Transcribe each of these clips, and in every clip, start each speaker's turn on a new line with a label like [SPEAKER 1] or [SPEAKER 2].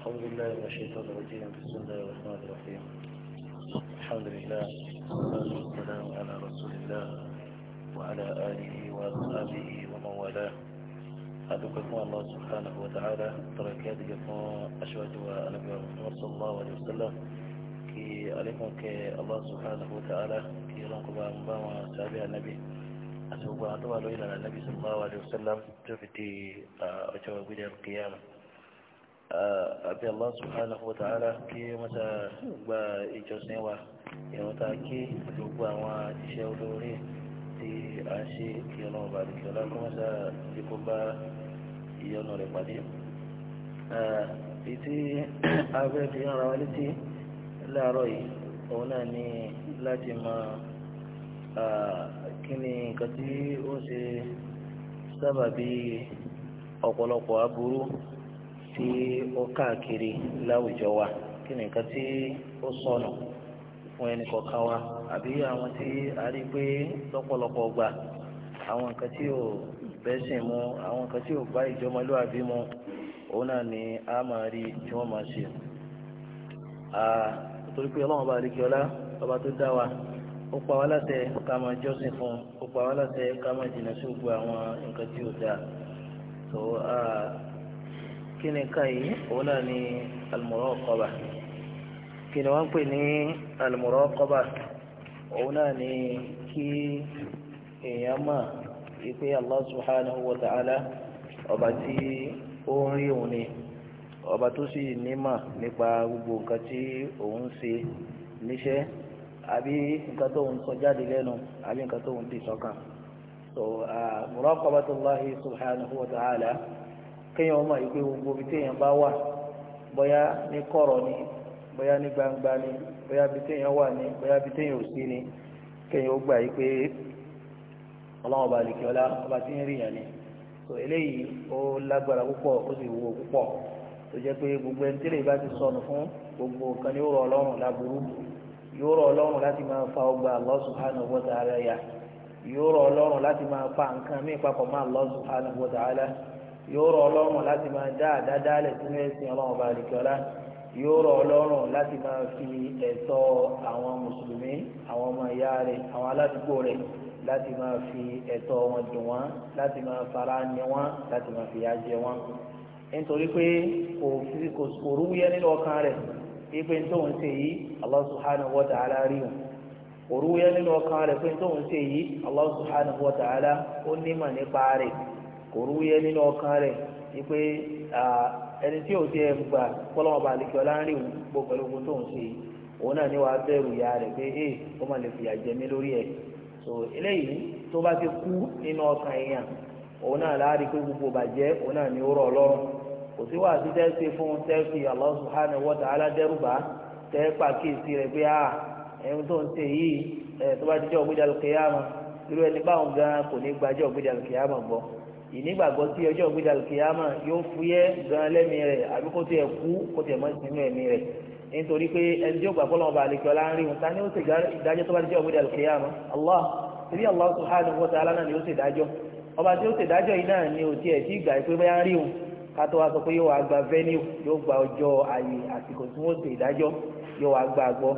[SPEAKER 1] أعوذ بالله من الشيطان الرجيم بسم الله الرحمن الرحيم الحمد لله والسلام على رسول الله وعلى آله وأصحابه ومن والاه أدعوكم الله سبحانه وتعالى تركات جفوا أشهد أن محمد صلى الله عليه وسلم كي عليكم كي الله سبحانه وتعالى كي لنكم بأمبام سابع النبي أسوأ أن إلى النبي صلى الله عليه وسلم تفتي أجواب آه، القيامة àbí Allah subhanahu wa ta'ala kí wọ́n ta gba ìjọsìn wa ìrun ta kí gbogbo àwọn iṣẹ́ olóore tí a ń ṣe kí ọ̀nà ọba àdìkì ọ̀la kí wọ́n ta ti kó bá ìyọnu rẹ̀ pàdé. Ìtí abẹ́ fi ń ra wa létí láàárọ̀ yìí òun náà ní láti mọ kí ni nǹkan tí ó ṣe sábàbí ọ̀pọ̀lọpọ̀ aburú tí ó káàkiri láwùjọ wa kí ni nǹkan tí ó sọnù fún ẹnì kọ̀ọ̀kan wa àbí àwọn tí a rí pé lọ́pọ̀lọpọ̀ gbà àwọn nǹkan tí ò bẹ́sìn mu àwọn nǹkan tí ò bá ìjọmọlúwàbí mu òun náà ni a máa rí tí wọ́n máa ṣe. torí pé ọlọ́run bá rí kí ọlá ọba tó dá wa ó pa wá láṣẹ ká máa jọ́sìn fún un ó pa wá láṣẹ ká máa jìnnà sí gbogbo àwọn nǹkan tí ò dáa kí ni nǹkan yìí òun náà ni al-muraqaba kí ni wọ́n ń pè ní al-muraqaba òun náà ni kí èèyàn mọ̀ wípé Allah subhanahu wa ta'ala ọba tí ó ń rí òun ni ọba tó sì nímọ̀ nípa gbogbo nǹkan tí òun ń ṣe níṣẹ́ àbí nǹkan tó sọ jáde lẹ́nu àbí nǹkan tó ń di sọ́kàn so muraqabatullahi subhanahu wa ta'ala. kéèyàn ọmọ yìí gbogbo ibi téèyàn bá wà bóyá ní kọ̀rọ̀ ni bóyá ní gbangba ni bóyá ibi téèyàn wà ni bóyá ibi téèyàn ò sí ni kéèyàn ó gbà pé ọlọ́run ọba àlèkè ọlá ọba tí ń ni tó eléyìí ó lágbára púpọ̀ ó sì wúwo púpọ̀ tó jẹ́ pé gbogbo ẹni tẹ́lẹ̀ bá ti sọnù fún gbogbo kan ọlọ́run láburú yóò fa ọgbà yóò rọ ọlọ́run láti fa nǹkan mí yóò rọ̀ ọlọ́run láti máa dá àdádálẹ̀ sínú ẹ̀sìn ọlọ́run ọba àdìkọ́lá yóò rọ̀ ọlọ́run láti máa fi ẹ̀tọ́ àwọn mùsùlùmí àwọn ọmọ ìyá rẹ̀ àwọn aládùúgbò rẹ̀ láti máa fi ẹ̀tọ́ wọn dùn wọ́n láti máa fara ní wọ́n láti máa fìyà jẹ wọ́n nítorí pé kò rúwúyẹ nínú ọkàn rẹ̀ ipe tó ń ṣe yìí Allah subhanahu wa ta'ala rí wọn kò rúwúyẹ nínú ọkàn rẹ̀ pé tó ń ṣe yìí Allah subhanahu wa ta'ala ó nímọ̀ nípa rẹ̀ kò rúwúyẹ́ nínú ọkàn rẹ̀ wípé ẹni tí ò tiẹ̀ gbà kọ́lọ́mọba àlekíọ́lá ń rí òun gbogbo pẹ̀lú ogun tó ń ṣe òun náà ni wàá bẹ̀rù ìyá rẹ̀ pé ee ó máa lè fìyà jẹ mí lórí so eléyìí tó bá ti kú nínú ọkàn èèyàn òun náà láàárín pé gbogbo bàjẹ́ òun náà ni ó rọ̀ lọ́rùn kò sí wàá tẹ́sí fún tẹ́sí pé tó ń ṣe yìí tó bá ti jẹ́ ògbéjà lókè yá mọ́ irú ẹni báwọn ìnígbàgbọ́ tí ọjọ́ ògbéjà kìyàmà yóò fúyẹ́ gan lẹ́mi rẹ̀ àbí kó tiẹ̀ kú kó tiẹ̀ mọ́ sínú ẹ̀mí rẹ̀ nítorí pé ẹni tí ó gbà fọlọ́n ọba àlekí ọlá ń rí wọn ta ni ó sì dájọ́ tó bá jẹ́ ògbéjà kìyàmà Allah ibi Allah subhanahu wa ta'ala náà ni ó sì dájọ́ ọba tí ó sì dájọ́ yìí náà ni ò tiẹ̀ tí gbà pé bóyá ń rí wọn kátó wá sọ pé yóò wá gba venue yóò gba ọjọ́ àyè àsìkò tí wọ́n sì dájọ́ yóò wá gbà gbọ́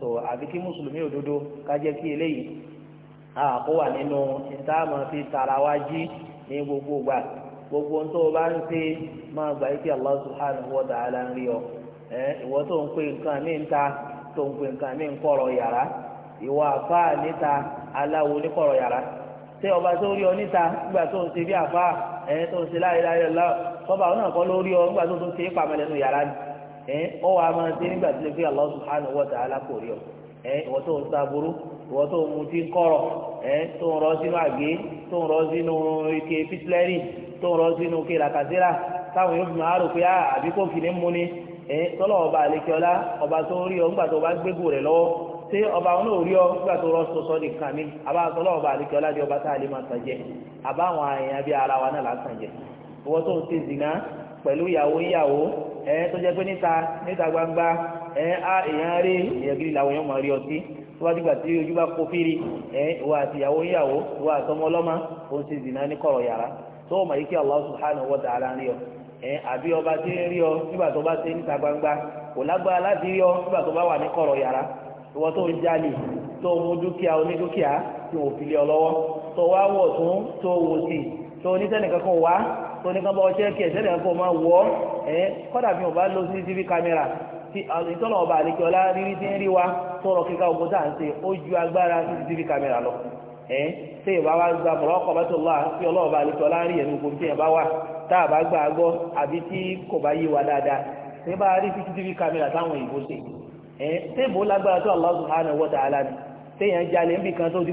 [SPEAKER 1] so àbí kí mùsùlùmí òdodo ká jẹ́ kí eléyìí àkó wà nínú ìtààmù fi tara wá jí ní gbogbo gbà gbogbo tó o bá ń ṣe máa gbà Allah subhanahu wa ta'ala ń rí ọ ẹ ìwọ tó ń pè nǹkan mí ń ta tó ń pè nǹkan mí ń kọrọ yàrá ìwọ níta aláwo ní yàrá ṣé ọba tó rí ọ níta nígbà tó ń ṣe bí ẹ tó ń ṣe láyé láyé kọba ọ náà ló ẹ ìwọ tó ń saburú ìwọ tó ń mutí kọrọ tó ń rọ sínú àgé tó ń rọ sínú ike pítílẹ́rì tó ń rọ sínú ike làkàtìrà táwọn yóò fi máa rò pé àbí kò fi ní ni ọba àlekíọ́lá ọba tó rí ọ nígbà tó bá gbégbó rẹ̀ lọ́wọ́ ọba rí ọ nígbà tó rọ àbá ọba àlekíọ́lá di ọba tá a lè máa tàn jẹ àbá àwọn bíi ara wa náà là ń jẹ ìwọ ẹ á èèyàn rí èèyàn gidi làwọn èèyàn máa rí ọtí tó bá dìgbà tí ojú bá kó fírí ẹ àti ìyàwó ìyàwó ìwà àtọmọ ọlọ́mọ ó ń ṣe ní kọ̀rọ̀ yàrá tó o mọ̀ yìí kí Allah subhanahu wa ta'ala rí ọ ẹ àbí ọ nígbà tó bá gbangba kò lágbára láti rí ọ nígbà tó bá wà ní kọ̀rọ̀ yàrá ìwọ tó ń tó mú ọ lọ́wọ́ tó ọ kan máa wọ̀ tí ìtọ́lọ̀ ọba àlejò ọlá rírí tí ń rí wa tọrọ kíkà ogun tá à ń ṣe ó ju agbára cctv camera lọ ẹ ṣé ìbá wa gba bọ̀rọ̀ ọkọ̀ bá tó ọba àlejò ọlá rí ẹ̀mí ogun tí bá wà tá a bá àbí tí wa dáadáa ṣé bá rí cctv camera táwọn òyìnbó ṣe ẹ ṣé ìbò lágbára tó ni jalè ń bì kan tó ti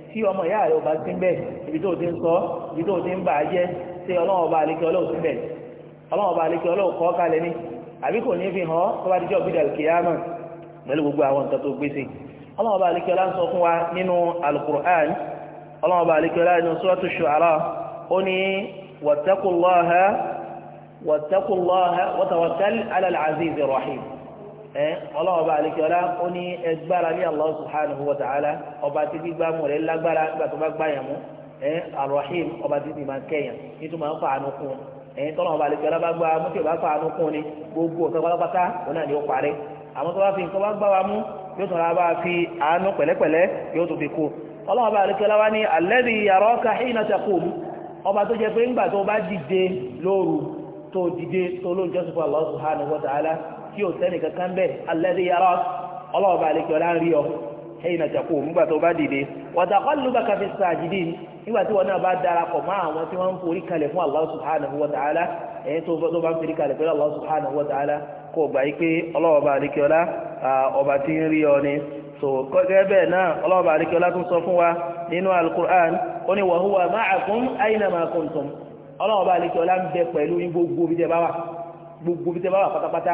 [SPEAKER 1] tí ọmọ ìyá rẹ̀ ọba sí bẹ́ẹ̀ ibi tó ti ń sọ ibi tó ti ń bà á jẹ́ ṣé ọlọ́wọ́ ọba àlekẹ́ ọlọ́wọ́ sí bẹ́ẹ̀ ọlọ́wọ́ ọba àlekẹ́ ọlọ́wọ́ kọ́ kalẹ̀ ni àbí kò ní fi hàn tó bá dijọ́ bídà kìyàmù pẹ̀lú gbogbo àwọn nǹkan tó gbèsè ọlọ́wọ́ ọba àlekẹ́ ọlá ń sọ fún wa nínú alukur'an ọlọ́wọ́ ọba àlekẹ́ ọlá ọlọ́wọ́ bá àlekí ọlá ó ní ẹgbára ní Allah subhanahu wa ta'ala ọba títí gbámú rẹ̀ lágbára nígbà tó bá gbáyàn mú ọba títí máa kẹyàn nítorí máa ń fa àánú ẹ̀yìn tọ́lọ́wọ́ bá àlekí bá gbá mú tí bá fa ni gbogbo ọ̀sẹ̀ pátápátá òun náà ni ó parí àmọ́ tó bá fi nǹkan bá gbá wa mú yóò tún fi àánú pẹ̀lẹ́pẹ̀lẹ́ yóò tún fi kú tí ò sẹ́ni kankan bẹ́ẹ̀ alladhi yarak ọlọ́ọ̀bà àlekè ọ̀la ń rí ọ ẹ̀yìn àjàkú nígbà tó bá dìde wa taqallubaka fi sajidin nígbà tí wọn náà bá darapọ̀ mọ́ àwọn tí wọ́n ń forí kalẹ̀ fún Allah subhanahu wa ta'ala ẹ̀yìn tó bá ń forí kalẹ̀ pẹ̀lú Allah subhanahu wa ta'ala kó gbà yí pé ọlọ́ọ̀bà àlekè ọ̀la ọba tí ń rí ọ ni so gẹ́gẹ́ bẹ́ẹ̀ náà ọlọ́ọ̀bà àlekè ọ̀la tún sọ fún wa nínú al ó ní wa huwa ma'akum aynama kuntum ọlọ́ọ̀bà àlekè ọ̀la ń bẹ pẹ̀lú gbogbo bí tẹ́ bá wà gbogbo bí tẹ́ bá wà pátápátá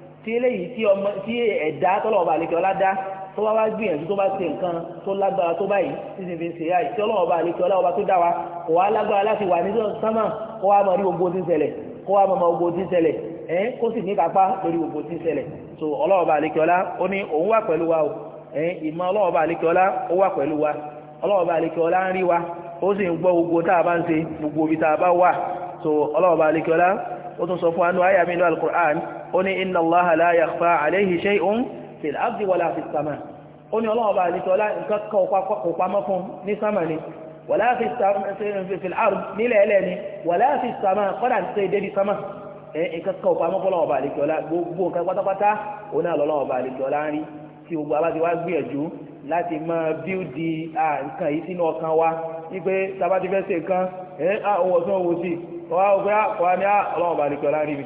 [SPEAKER 1] tí eléyìí tí ọmọ tí ẹ̀dá tọ́lọ́ọ̀bà àlekè ọlá dá tó bá wá gbìyànjú tó bá ṣe nǹkan tó lágbára tó báyìí títí fi ń ṣe yáì tí ọlọ́ọ̀bà àlekè ọlá ọba tó dá wa kò wá lágbára láti wà nínú sámà kó wá mọ rí gbogbo tí ń ṣẹlẹ̀ kó wá mọ mọ gbogbo tí ń ṣẹlẹ̀ ẹ kó sì ní kápá lórí gbogbo tí ń ṣẹlẹ̀ so ọlọ́ọ̀bà àlekè ọlá ó ní òun wà pẹ̀lú wa o ẹ ìmọ̀ ọlọ́ọ̀bà àlekè ọlá ó wà pẹ̀lú wa ọlọ́ọ̀bà àlekè ọlá ń rí wa ó sì ń gbọ́ a bá ń ṣe gbogbo ibi ó ní inna Allaha la yakhfa alayhi shay'un fil ardi wala fis sama ó ní ọlọ́wọ́ bá àlejò ọlá fún ní sámà ni wala fil ardi nílẹ̀ ẹlẹ́ ni wala fis sama kọ́dà ti ṣe débi sámà nǹkan kan ó ní àlọ́wọ́ yìí sínú ọkàn wa wípé tabati fẹ́ ṣe nǹkan ẹ̀ ọwọ́ tí wọ́n wò sí ọwọ́ pé àkọ́wá ní ọlọ́wọ́ bá àlejò ọlá ń rí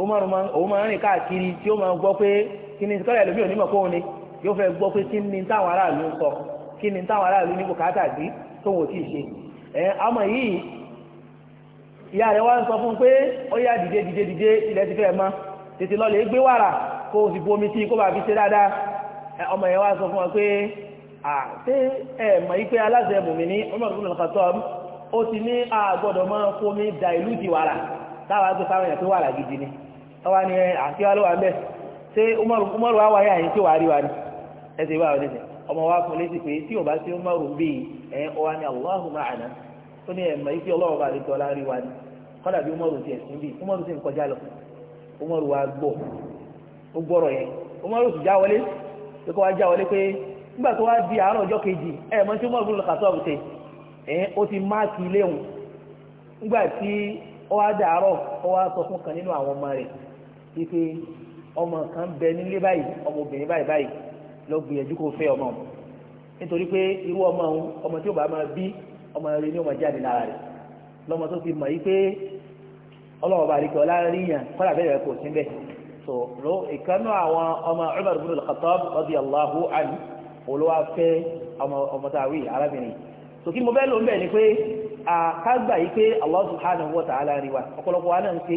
[SPEAKER 1] Umar òun máa ń rìn káàkiri tí ó máa gbọ́ pé kí ni kọ́lẹ̀ lómi òní mọ̀ ni yóò fẹ́ gbọ́ pé kí ni táwọn aráàlú ń sọ kí ni táwọn aráàlú ní bùkátà sí tóun ò tí ì ṣe ẹ̀ àmọ́ yìí ìyá rẹ̀ wá ń sọ fún pé ó yá dìde dìde dìde ilẹ̀ ti fẹ́ mọ́ tètè lọ gbé wàrà kó o sì bomi tí kó bá fi ṣe dáadáa ọmọ yẹn wá sọ fún wa pé àti ẹ̀ mọ̀ yí pé aláṣẹ mùmíní Umar ibn al-Khattab ó ti ní a gbọ́dọ̀ máa fomi da ìlú ti wàrà táwa gbé fáwọn èèyàn pé wàrà gidi ni ọwá ni àti wá bẹ́ẹ̀ ṣé umaru wá wáyé àyè tí wàá rí wa ni ẹsẹ̀ ìwà òní ọmọ wa fún létí pé tí o bá ti umaru bí ẹ ọwá ni ma'ana ó ní ọlọ́wọ́ bá ni kọ́dà bí umaru ti ẹ̀sìn umaru ti ń kọjá lọ umaru wa gbọ́ ó gbọ́rọ̀ yẹn umaru sì já wọlé pé kó di àárọ̀ ọjọ́ kejì umaru lọ kàtọ́ wípé ọmọ kan bẹ nílé báyìí ọmọbìnrin báyìí báyìí lọ gbìyànjú kó fẹ́ ọmọ òun nítorí pé irú ọmọ òun ọmọ tí ó bá máa bí ọmọ rẹ ni ó máa jáde lára rẹ lọmọ tó fi mọ̀ yìí pé ọlọ́wọ́ bá àríkẹ́ ọláríyàn kọ́lá bẹ́ẹ̀ rẹ̀ kò sí bẹ́ẹ̀ so ro ìkànnú àwọn ọmọ Umar ibn al-Khattab radiyallahu anhu olówó afẹ́ ọmọ táwí arábìnrin so kí mo bẹ́ẹ̀ ló ń bẹ̀ ni pé àkágbà yìí pé Allah subhanahu wa ta'ala rí wa ọ̀pọ̀lọpọ̀ wa náà ń ṣe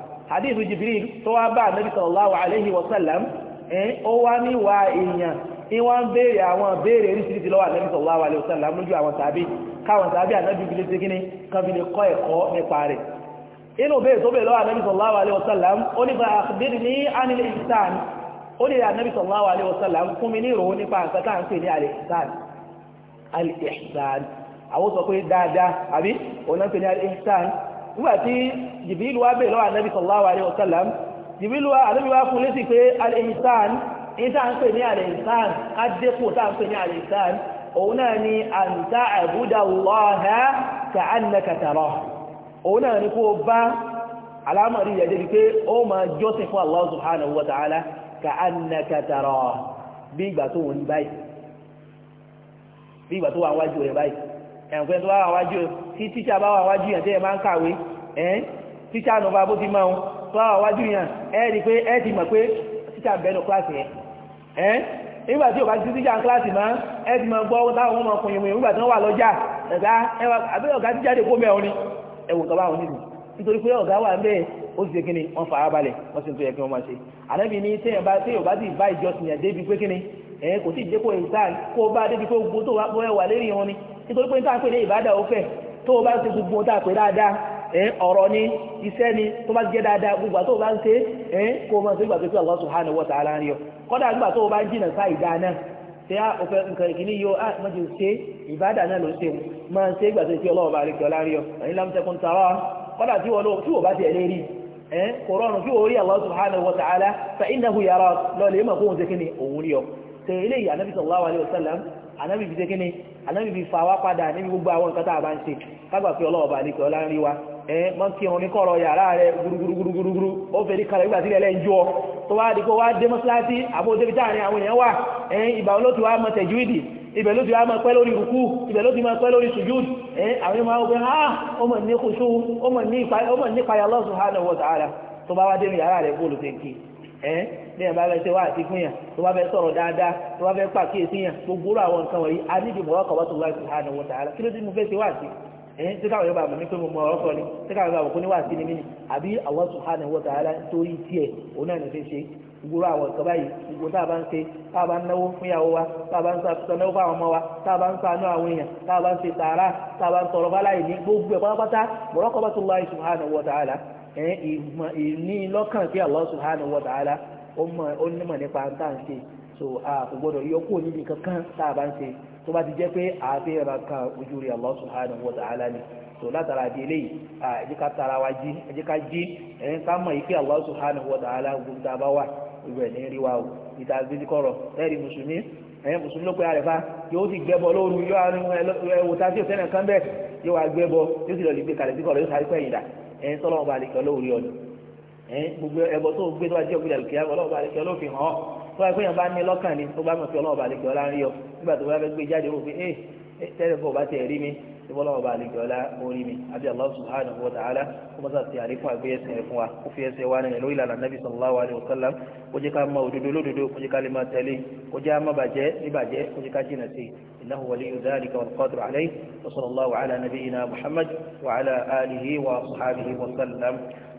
[SPEAKER 1] hadith jibril tó wá bá anabi sallallahu alayhi wa sallam eh, ó wá ní wa èèyàn ìwọ́n ń béèrè àwọn béèrè oríṣiríṣi lọ́wọ́ anabi sallallahu alayhi wa sallam lójú a tàbí káwọn tàbí anabi fi lè ṣe kíni kan fi lè kọ́ ẹ̀kọ́ nípa rẹ̀ wa sallam akhbirni wa sallam mi al-ihsan al-ihsan nígbà tí jìbìlú wá bèèrè lọ́wọ́ ànábì sallallahu alaihi wasallam jìbìlú wá ànábì wá fún lésì pé al-insan ìta ń pè ní al-insan adékò tá ń pè ní al-insan òun náà ni an ta'buda Allaha ka'annaka tarahu òun náà ni kó bá alámọ̀rí yẹ̀ débi pé ó máa jọ́sìn fún Allah subhanahu wa ta'ala ka'annaka tarahu bí ìgbà tó wọn báyìí bí ìgbà tó wà wájú rẹ̀ báyìí ẹ̀ǹkẹ́ tí tíṣà bá wà wájú yàn tẹ́ ẹ máa ń kàwé ẹ́ tíṣà nù bá bó ti máa ń bá wà wájú yàn ẹ́ rí pé ẹ́ ti mọ̀ pé tíṣà bẹ́ẹ̀ nù kíláàsì yẹn ẹ́ nígbà tí o bá ti tíṣà ń kíláàsì máa ẹ́ ti máa gbọ́ táwọn ọmọ ọkùnrin yòmùyàn nígbà tí wọ́n wà lọ́jà ẹ̀gá ẹwà àbí ọ̀gá tíṣà lè kó mẹ́ òní ẹ̀wọ̀n kan báwọn nílùú nítorí pé ọ̀gá wà ń bẹ́ẹ̀ ó ti ṣe kí ni wọ́n fara balẹ̀ wọ́n sì ń tó yẹ kí wọ́n máa ṣe àlẹ́bí ní téèyàn bá téèyàn bá ti bá ìjọsìn yàn débi pé kí ni ẹ̀ kò tí ì dépò ìsáà kó bá débi pé gbogbo tó wà lórí wọn ni nítorí pé nítorí pé ní ìbádà ó fẹ́ tó o bá ń ṣe gbogbo ohun tá a pè dáadáa ẹ̀ ọ̀rọ̀ ni iṣẹ́ ni tó bá jẹ́ dáadáa gbogbo àti tó o bá ń ṣe ẹ̀ kó o máa ṣe gbàgbé pé Allah subhanahu wa ta'ala ń yọ kọ́dà nígbà tó o bá ń jìnà sáì dáa náà ṣé á ah, o fẹ́ nǹkan ìkíní yóò á ah, má ti ṣe ìbádà náà ló ṣe o máa ṣe gbàgbé pé ọlọ́wọ́ bá kí ọlá rí ọ ẹ̀yin lámùsẹ̀kùn tàwa kọ́dà tí wọ́n lọ tí wọ́n bá ti ẹ̀ lé rí ẹ̀ kò rọrùn kí o rí Allah òun rí ọ tẹ eléyìí anabi sallallahu alayhi wa sallam anabi fi tẹkẹni anabi fi fa wá padà níbi gbogbo àwọn nǹkan tá a bá ń ṣe kágbà pé ọlọ́wọ́ bá ní kí ọlá wa ẹ mọ kí irun yàrá rẹ gudugudugudugudu ó fẹ́ ní kalẹ̀ nígbà tí ń jọ tó wá di wá dé àbó débi táàrin àwọn èèyàn wà ẹ ìgbà wọn ló ti wá mọ tẹ̀júìdì ibẹ̀ ló ti wá máa pẹ́ lórí rùkú ibẹ̀ ló ti máa pẹ́ lórí sùjúd ẹ́ àwọn ọmọ ogun ha ó mọ̀ ní kùsù ó mọ̀ ní ìpayà Allah subhanahu wa ta'ala tó bá wá dé ní yàrá rẹ̀ bóòlù tẹ́ǹkì ẹ́ bí ẹ̀ bá fẹ́ ṣe wá àti fún yàn tó bá fẹ́ sọ̀rọ̀ dáadáa tó bá fẹ́ pàkíyèsí yàn gbogbo àwọn nǹkan wọ̀nyí a níbi mọ̀ọ́ kọ̀ wọ́tò láti hàn wọ́n tààrà kí ló dé mo fẹ́ ṣe wá sí ẹ̀yìn tí káwọn yorùbá mi pé mo mọ ọ̀rọ̀ sọ ni tí káwọn yorùbá kò ní wá sí ni mí ni àbí àwọn sùhánà wọ́n tààrà torí tiẹ̀ òun náà ní fi ṣe gbogbo àwọn nǹkan báyìí gbogbo tá a bá ń ṣe tá a bá ń náwó fún ìyàwó wa tá a bá ń sanáwó fún àwọn ọmọ wa tá a bá ń sanú àwọn èèyàn tá a bá ń ṣe tààrà tá a bá ń tọrọ báláyìí ní gbogbo ẹ̀ pátápátá mọ̀rọ́kọ́ bá tó láì subhanahu wa ta'ala ẹ̀ ìní lọ́kàn sí Allah subhanahu wa ta'ala ó mọ̀ ó nímọ̀ nípa tá à ń ṣe so a kò gbọ́dọ̀ yọ kúrò níbi kankan tá a bá ń ṣe tó bá ti jẹ́ pé àáfẹ́ yẹn bá kan ojú rẹ̀ Allah subhanahu wa ta'ala ni so látara di eléyìí ẹ jẹ́ ká tara wa jí ẹ jẹ́ ká jí ẹ jẹ́ ká mọ̀ ìfẹ́ Allah subhanahu wa ta'ala gbogbo tá a bá wà gbogbo ẹ̀ ní rí wa o ìta gbẹ́dìkọ̀rọ̀ ẹ̀rí mùsùlùmí ẹ̀yìn mùsùlùmí ló pé àrẹ̀fá yóò ti gbẹ́bọ lóru yóò àrùn ẹ̀wò tá sí òtẹ́nà kan bẹ́ẹ̀ yóò wá gbẹ́bọ yóò sì lọ lè gbé kalẹ̀ síkọ̀rọ̀ yóò sáré pẹ́yìn dà ẹ̀yìn tọ́lọ́mọba àlekẹ́ olóòrí ọdún gbogbo ẹbọ tó gbé tó bá jẹ́ òkúta ìkẹyà ọlọ́ọ̀bà àlekẹ́ ọlọ́ọ̀fin hàn ọ́ tó bá gbéyàn bá ní lọ́kàn ni tó bá mọ̀ sí ọlọ́ọ̀bà àlekẹ́ ọlá ń rí ọ nígbà tó bá fẹ́ gbé jáde wọ́n fi ẹ eh, eh, tẹ́lẹ̀ fún ọba tẹ̀ rí mi ìbọn ọlọ́ọ̀bà àlekẹ́ ọlá orí mi àbí Allah subhanahu wa ta'ala kó mọ́sá ti àlékún àgbéyẹsẹ̀ rẹ̀ fún wa kó fi ẹsẹ̀ wa nílẹ̀ lórí ìlànà nàbì sallallahu alayhi wa sallam kó jẹ́ ká mọ òdodo إنه ولي ذلك والقادر عليه وصلى الله على نبينا محمد وعلى آله وأصحابه وسلم